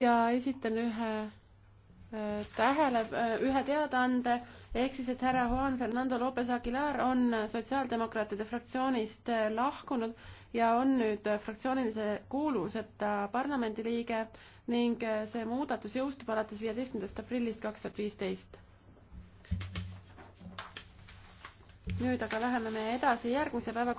ja esitan ühe äh, tähele, äh, ühe teadaande, ehk siis, et härra Juan Fernando Lopez Aguilar on sotsiaaldemokraatide fraktsioonist äh, lahkunud ja on nüüd fraktsioonilise kuuluvuseta parlamendiliige ning see muudatus jõustub alates viieteistkümnendast aprillist kaks tuhat viisteist. nüüd aga läheme me edasi järgmise päeva